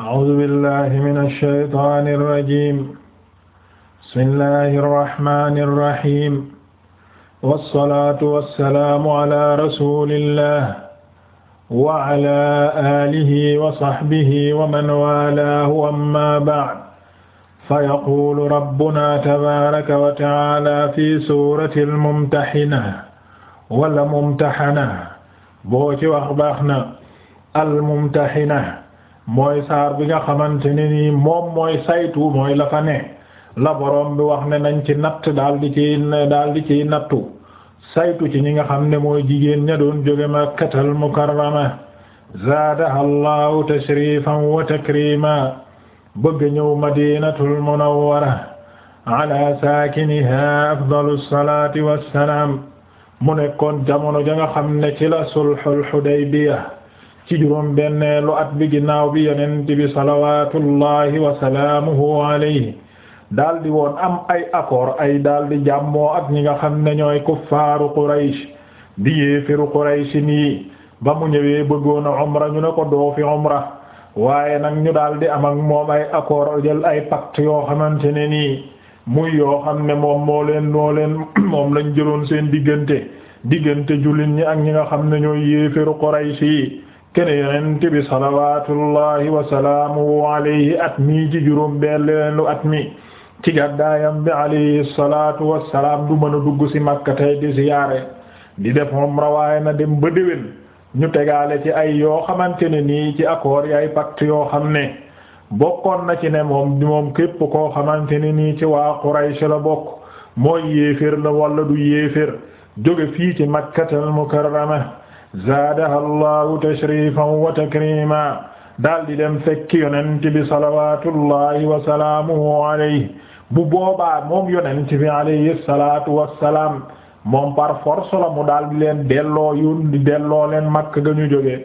أعوذ بالله من الشيطان الرجيم بسم الله الرحمن الرحيم والصلاة والسلام على رسول الله وعلى آله وصحبه ومن والاه أما بعد فيقول ربنا تبارك وتعالى في سورة الممتحنة ولا ممتحنة boo ci wax baax na الممتحنة mooy saar bi nga xamante ne nii moom mooy saytu mooy la fa la boroom bi wax ne nañ ci natt daal di ci daal di ciy nattu saytu ci ñi nga xam ne mooy jigéen ña doon jóge Makkatal Mukarrama zaadaha Allahu tashrifan wa takrima bëgg ñëw Madinatul Munawwara ala saakiniha afdalu salaati wassalaam mu nekkoon jamono ja nga xam ne ci la sulhul Hudaybiya ci juróom benneelu at bi ginnaaw bi yonent bi salawatullahi wa salaamuhu alayhi daal di woon am ay accord ay daldi jàmmoo ak ñi nga xam ne ñooy kuffaaru Quraysh di yéefiru Quraysh nii ba mu ñëwee bëggoon umra ñu ne ko doo umra waaye nag ñu daal di am ak moom ay accord jël ay pacte yoo xamante ne nii muy yoo xam ne moom moo leen moo leen moom lañ jëloon seen diggante diggante jullit ñi ak ñi nga xam ne ñooy yéefiru Quraysh yi kene yonent bi salawatullahi wa salaamuhu alayhi at mii ci juróom benn lu at mi ci gàddaayam bi alayhi salatu wasalaam du mën a dugg ci Makka tey di ziyaare di def umra waaye na dem ba déwén ñu tegaale ci ay yoo xamante ne nii ci accord yi ay yoo xam ne bokkoon na ci ne moom moom képp koo xamante ne nii ci waa Quraysh la bokk mooy yéeféer la walla du yéeféer jóge fii ci Makkatal Mukarrama zaadaha allahu tashrifan wa takrima daal di dem fekki yonent bi salawatullahi wa salaamuhu alayhi bu boobaa moom yonent bi alayhi salatu wassalaam moom par force mu daal leen delloo yun delloo leen makk ga ñu jógee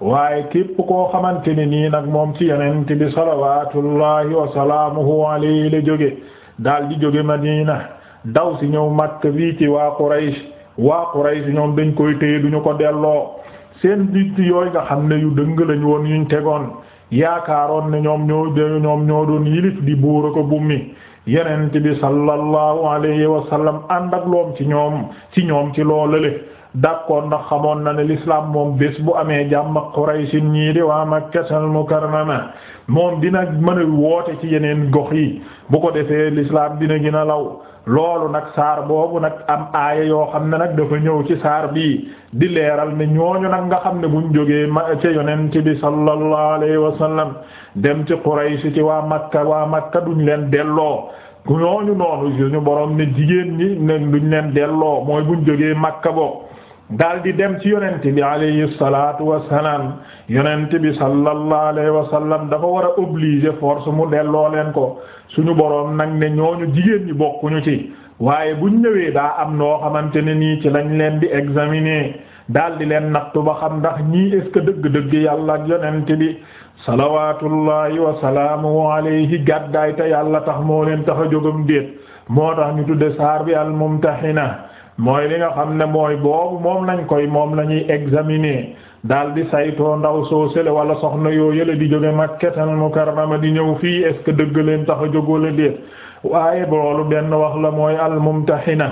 waaye képp koo xamante ne nii nag moom ci yonent bi salawatullahi wa salaamuhu alayhi la jóge daal di jóge madina daw ci ñëw makk fii ci waa Quraysh waa Quraysh ñoom dañ koy téye duñu ko delloo seen njiit yooyu nga xam ne yu dëng lañ woon yuñ tegoon yaakaaroon ne ñoom ñoo ñoom ñoo doon yilif di buur a ko bummi yenent bi sallallahu alayhi wa sallam ànd ak loom ci ñoom ci ñoom ci loolale d'accord ndax xamoon na ne lislaam moom bés bu amee jàmm Quraysin ñii di waa Makkatul Mukarrama moom dina mën a woote ci yeneen gox yi bu ko defee lislaam dina gën a law loolu nag saar boobu nag am aaya yoo xam ne nag dafa ñëw ci saar bii di leeral ne ñooñu nag nga xam ne buñ jógee ma ca ci bi sallallahu alayhi wa sallam dem ci Quraysh ci waa Makka waa Makka duñ leen delloo ñooñu noonu suñu borom ne jigéen ñi ne duñ leen delloo mooy buñ jógee Makka boobu daal di dem ci yonent bi alayhi salaatu wassalaam yonent bi sallallahu alayhi wasallam dafa war a obligé force mu delloo leen ko suñu boroom nag ne ñooñu jigéen ñi bokkuñu ci waaye buñ ñëwee daa am noo xamante ne nii ci lañ leen di examiner daal di leen nattu ba xam ndax ñii est-ce que dëgg-dëgg yàlla ak yonent bi salawaatullahi wasalaamu alayhi gàddaay te yàlla tax moo leen tax a jógam déet moo tax ñu tudde saar bi al mumtahina mooy li nga xam ne mooy boobu moom lañ koy moom la ñuy examiner daal di saytoo ndaw soo sele wala soxna yoo yële di jóge Makkatal Mukarrama di ñëw fii est dëgg leen tax a jóg wala waaye loolu benn wax la mooy almumtahina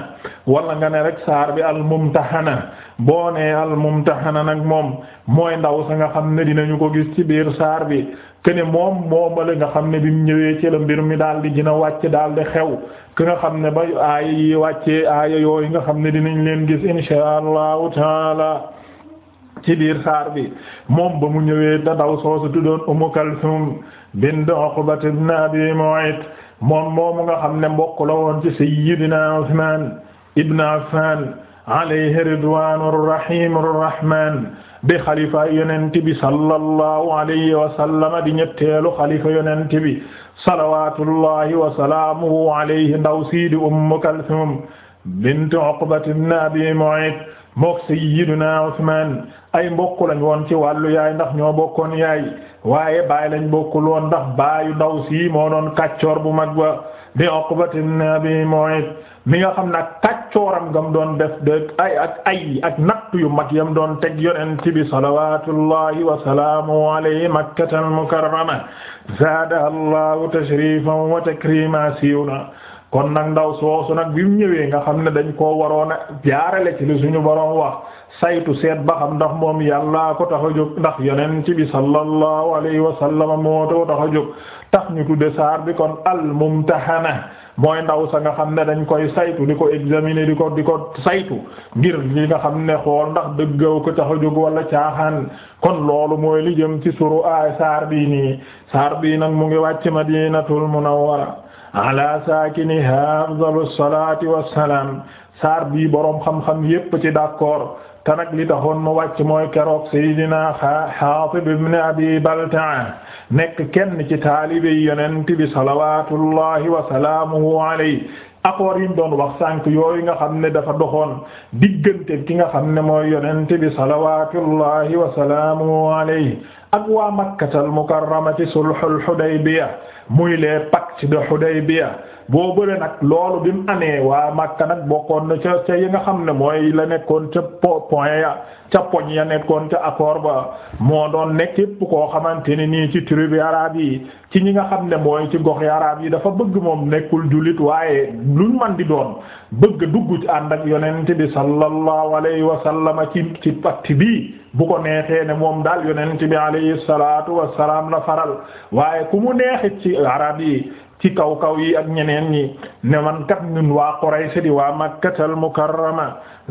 wala nga ne rek saar bi almumtahana boo nee almumtahana nag moom mooy ndaw sa nga xam ne dinañu ko gis ci biir saar bi kene moom moomale nga xam ne bi mu ñëwee ci la mbir mi daal di jina a wàcc daal di xew ki nga xam ne ba aaya yi wàccee aaya yooyu nga xam ne dinañ leen gis insha allahu taala ci biir saar bi moom ba mu ñëwee da daw soosu tuddoon Umm Kalsum bint Uqbat ibn Abi Mu'ayt moom moomu nga xam ne mbokk la woon ci sayyidina Usmaan ibn Affaan alayhi ridwaanu rahiim rahmaan di xalifa yonent bi sallallahu alayhi wa sallama di ñetteelu xalifa yonent bi salawaatullahi wa salaamuhu alayhi ndaw siidi Ummu Kalsuum bintu Uqbata ibn Abi Mu'ayt mook sayyidina Usmaan ay mbokk lañ woon ci wàllu yaay ndax ñoo bokkoon yaay waaye baay lañ bokkul woon ndax baayu ndaw sii moo doon kàccoor bu mag ba di Uqbat moo Abi mi nga xam ne ak kàccooram gam doon def dëgg ay ak ay ak yu mag yam doon teg yonent bi salawatullahi wa salaamu alayhi makkata al mukarrama zaadaha allahu tashrifan wa takrima siiw na kon nag ndaw soosu nag bi mu ñëwee nga xam ne dañ koo waroon a jaarale ci li suñu boroom wax saytu seet ba xam ndax moom yàllaa ko tax a jóg ndax yonent bi sallallahu alayhi wa sallam moo too tax a jóg tax ñu tudde saar bi kon al mumtahana mooy ndaw sa nga xam ne dañ koy saytu ni ko examiner di ko di ko saytu ngir li nga xam ne xool ndax dëggaw ko tax jóg wala caaxaan kon loolu mooy li jëm ci suru aay saar bi nii saar bii nag mu ngi wàcc madinatul munawwara ala saakiniha afdalu salaati wassalaam saar bii boroom xam-xam yépp ci d'accord te nag li taxoon mu wàcc mooy keroog Seydina Xaatib ibn Abi Baltaa nekk kenn ci taalibe yonent bi salawaatullahi wa salaamuhu alayhi accord yi ñu doon wax sànk yooyu nga xam ne dafa doxoon diggante ki nga xam ne mooy yonent bi salawaatullahi wa salaamuhu alayhi ak waa makkatal mukarrama ci sulhul Hudaybiya muy les pactes de Hudaybiya boo bëre nag loolu bi mu amee waa makka nag bokkoon na ca ca yi nga xam ne mooy la nekkoon ca po point ya ca poñ ya nekkoon ca accord ba moo doon nekk képp koo xamante ne nii ci tribu araab yi ci ñi nga xam ne mooy ci gox yaraab yi dafa bëgg moom nekkul julit waaye luñ man di doon bëgg dugg ci ànd ak yonent bi sallallahu alayhi wa sallam ci ci pacte bi bu ko neexee ne moom daal yonent bi alayhi salaatu wassalaam la faral waaye ku mu neexit ci arab yi ci kaw kaw yi ak ñeneen ñi ne man kat ñun waa Quraysh di waa Makkatal Mukarrama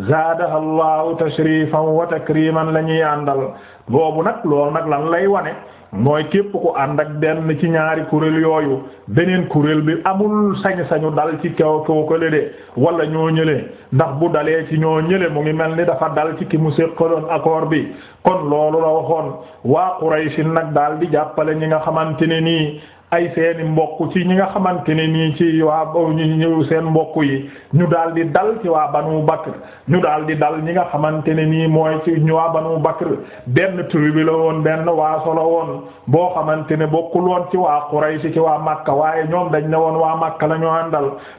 zaadaha Allahu tashrifan wa takriman la ñuy àndal boobu nag loolu nag lan lay wane mooy képp ku ànd ak benn ci ñaari kuréel yooyu beneen kuréel bi amul sañ-sañu dal ci kaw kaw ko de wala ñoo ñële ndax bu dalee ci ñoo ñële mu ngi mel ni dafa dal ci ki mu séqaloon accord bi kon loolu la waxoon waa Quraysh nag daal di jàppale ñi nga xamante ne nii ay seeni mbokk ci ñi nga xamante ne nii ci waa ñu ñëw seen mbokk yi ñu daal di dal ci waa Banu Bakr ñu daal dal ñi nga xamante ne nii mooy ci ñu waa Banu bakk benn tribu la woon benn waaso la woon boo xamante ne bokkul woon ci waa Quraysh ci waa Makka waaye ñoom dañ ne woon waa Makka la ñu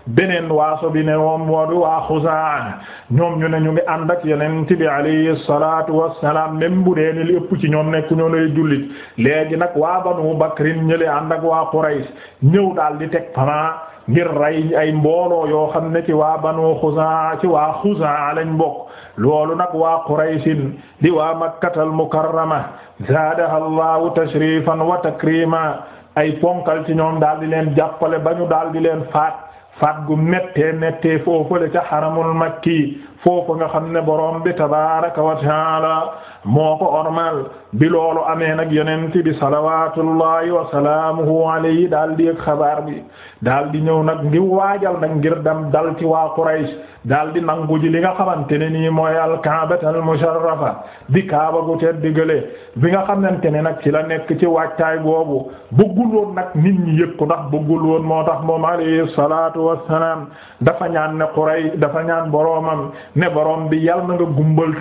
beneen waaso bi ne woon moo di waa Xuzaa ñoom ñu ne ñu ngi ànd ak yeneen bi alayhi même bu dee ne li ëpp ci ñoom nekk ñoom ay jullit léegi nag waa Banu Bakrin ñële ànd ak waa Quraysh ñëw daal di teg pana ngir rey ay mbooloo yoo xam ne ci waa Banu Xuzaa ci waa Xuzaa lañ bokk loolu nag waa Qurayshin di waa Makkatal Mukarrama zaadaha Allahu tashrifan wa takrima ay ponkal ci ñoom daal di leen jàppale ba ñu daal di leen faat faat gu méttee méttee foofale ca xaramul makki foofu nga xam ne borom bi tabaaraka wa taala moo ko ormal bi loolu amee nag yonent bi salawatullahi wa salaamuhu alayhi daal di yëg xabaar bi daal di ñëw nag ngir waajal nag ngir dem dal ci waa Quraysh daal di nangu ji li nga xamante ne nii mooy alkaabatal musharrafa di kaaba gu di gële bi nga xamante ne nag ci la nekk ci waajtaay boobu bëggul woon nag nit ñi yëg ndax bëggul woon moo tax moom alayhi salaatu wassalaam dafa ñaan ne Quraysh dafa ñaan boroomam ne boroom bi yal na nga gumbal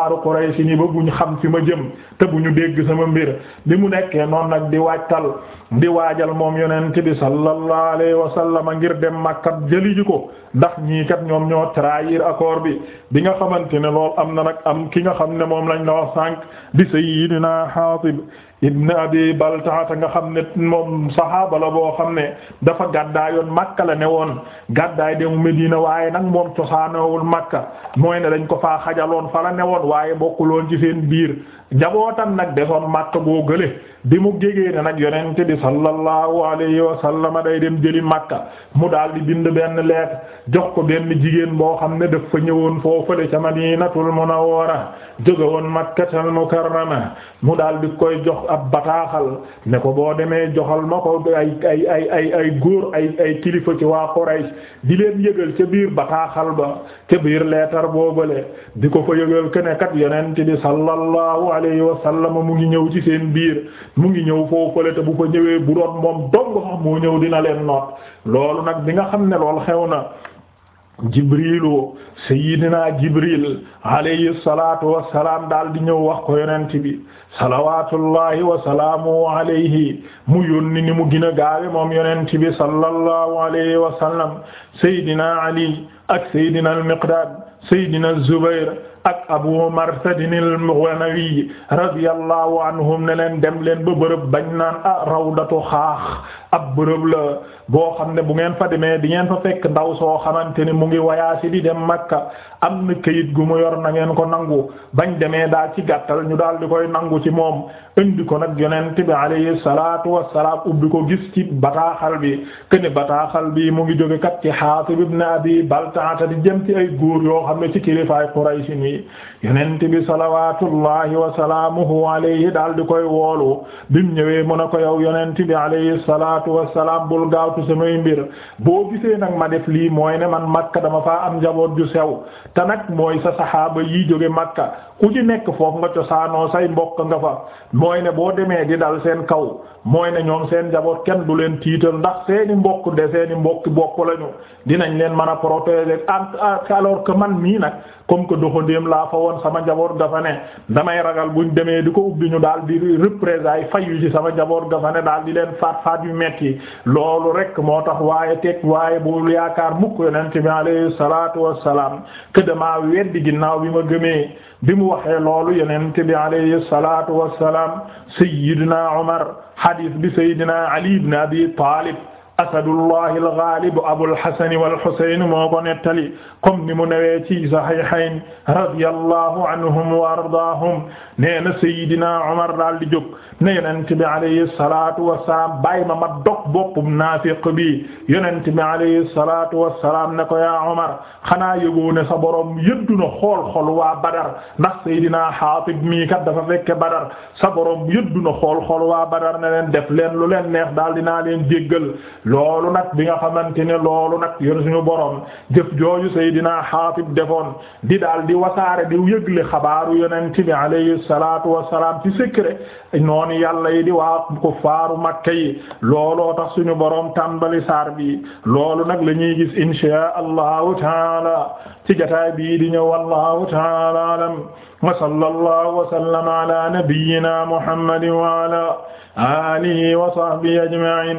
kuffaaru Quraysh ñi ñu xam fi ma jëm te bu ñu dégg sama mbir bi mu nekkee noonu nag di waajtal di waajal moom yonent bi sallallahu alayhi wa sallam ngir dem Makka jëli ko ndax ñii kat ñoom ñoo trahir accord bi bi nga xamante ne lool am na nag am ki nga xam ne moom lañ la wax sànq di Sayyidina Hatib na ibn abi baltaata nga xam ne moom a la boo xam ne dafa gàddaayoon màkk la ne woon gàddaay dem Medina waaye nag moom cosaanoowul màkk mooy ne dañ ko faa xajaloon fa la ne woon waaye bokkuloon ci seen biir njabootam nag desoon màkk boo gële bi mu jegee ne nag yonent bi sallallahu alayhi wa sallam day dem jëli màkka mu dal di bind benn lettre jox ko benn jigéen boo xam ne daf fa ñëwoon foofale ca madinatul munawwara jóge woon makkatal mukarrama mu daal di koy jox ab bataaxal ne ko boo demee joxal ma ko ay ay ay góor ay ay kilifa ci waa Quraysh di leen yëgal ca biir bataaxal ba ca biir lettre boobale di ko fa yëgal ke ne kat yonent bi sallallahu alayhi wa mu ngi ñëw ci seen biir mu ngi ñëw foofale te bu fa ñëwee bu doon moom dong sax moo ñëw dina leen noot loolu nag bi nga xam ne lool xew na jibrilu sayyidina jibril alayhi salatu wasalaam daal di ñëw wax ko yonent bi salawatullahi wasalaamu mu yónni mu gën a gaawe moom yonent bi sallallahu alayhi wa sallam sayyidina ali ak sayyidina al-miqdad sayyidina ak abu marsadin al-Mughnawi radiyallahu anhum ne leen dem leen ba bërëb bañ naan ah rawdatu xaax ab bërëb la boo xam ne bu ngeen fa demee di ngeen fa fekk ndaw soo xamante ni mu ngi wayaa si di dem Makka am na kayit gu mu yor na ngeen ko nangu bañ demee daal ci gàttal ñu daal di koy nangu ci moom indi ko nag yonent bi alayhi salaatu wassalaam ubbi ko gis ci bataaxal bi këne bataaxal bi mu ngi jóge kat ci Haatib ibn Abi Baltaata di jëm ci ay góor yoo xam ne ci kilifaay Quraysh ni mi bi salawaatullahi wa salaamuhu alayhi daal di koy woolu bim ñëwee mu ne ko yow yonent bi alayhi salaatu wa salaam gaaw gaawtu samay mbir boo gisee nag ma def lii mooy ne man Makka dama faa am njaboot ju sew te nag mooy sa saxaaba yi jóge Makka ku ci nekk foofu nga cosaanoo say mbokk nga fa mooy ne boo demee di dal seen kaw mooy ne ñoom seen njaboot kenn du leen tiital ndax seeni mbokk de seeni mbokk bopp lañu dinañ leen mën a protéger alors que man yéenéem laa fa woon sama njaboot dafa ne damay ragal buñ demee di ko ubbi ñu daal di représailles fayu ci sama njaboot dafa ne daal di leen faat faat yu metti loolu rek moo tax waaye teg waaye bu yaakaar mukk yonent bi alayhi salaatu wassalaam que damaa weddi ginnaaw bi ma gëmee bi mu waxee loolu yonent bi alayhi salaatu wassalaam sayyidina Umar hadith bi sayyidina Ali ibn Abi Talib asadullah al-ghalib abul hasan wal husayn moo ko nettali comme ni mu newee ci sahihayn radiyallahu anhum wa ardaahum nee na Seydina Omar daal di jóg ne yonent bi alayhi salaatu wa salaam bàyyi ma ma dog boppum naafiq bi yonent bi alayhi salaatu wa salaam ne ko yaa Omar xanaa yëgoo ne sa borom yëddu na xool xol waa Badar ndax Seydina Haatib mii kat dafa fekke Badar sa borom yëddu na xool xol waa Badar ne leen def leen lu leen neex daal dinaa leen jéggal loolu nag bi nga xamante ne loolu nag yor suñu borom jëf jooju Seydina Xaatib defoon di daal di wasaare di yëgle xabaaru yonent bi alayhi salaatu wassalaam ci secret noonu yàlla yi di waa kuffaaru Makka yi looloo tax suñu borom tàmbali saar bi loolu nag la ñuy gis inshaa Allahu taala ci bi bii di ñëw wallahu taala alam wa sallallahu wa sallama ala nabiyyina Muhammadin wa alihi wa sahbihi ajma'in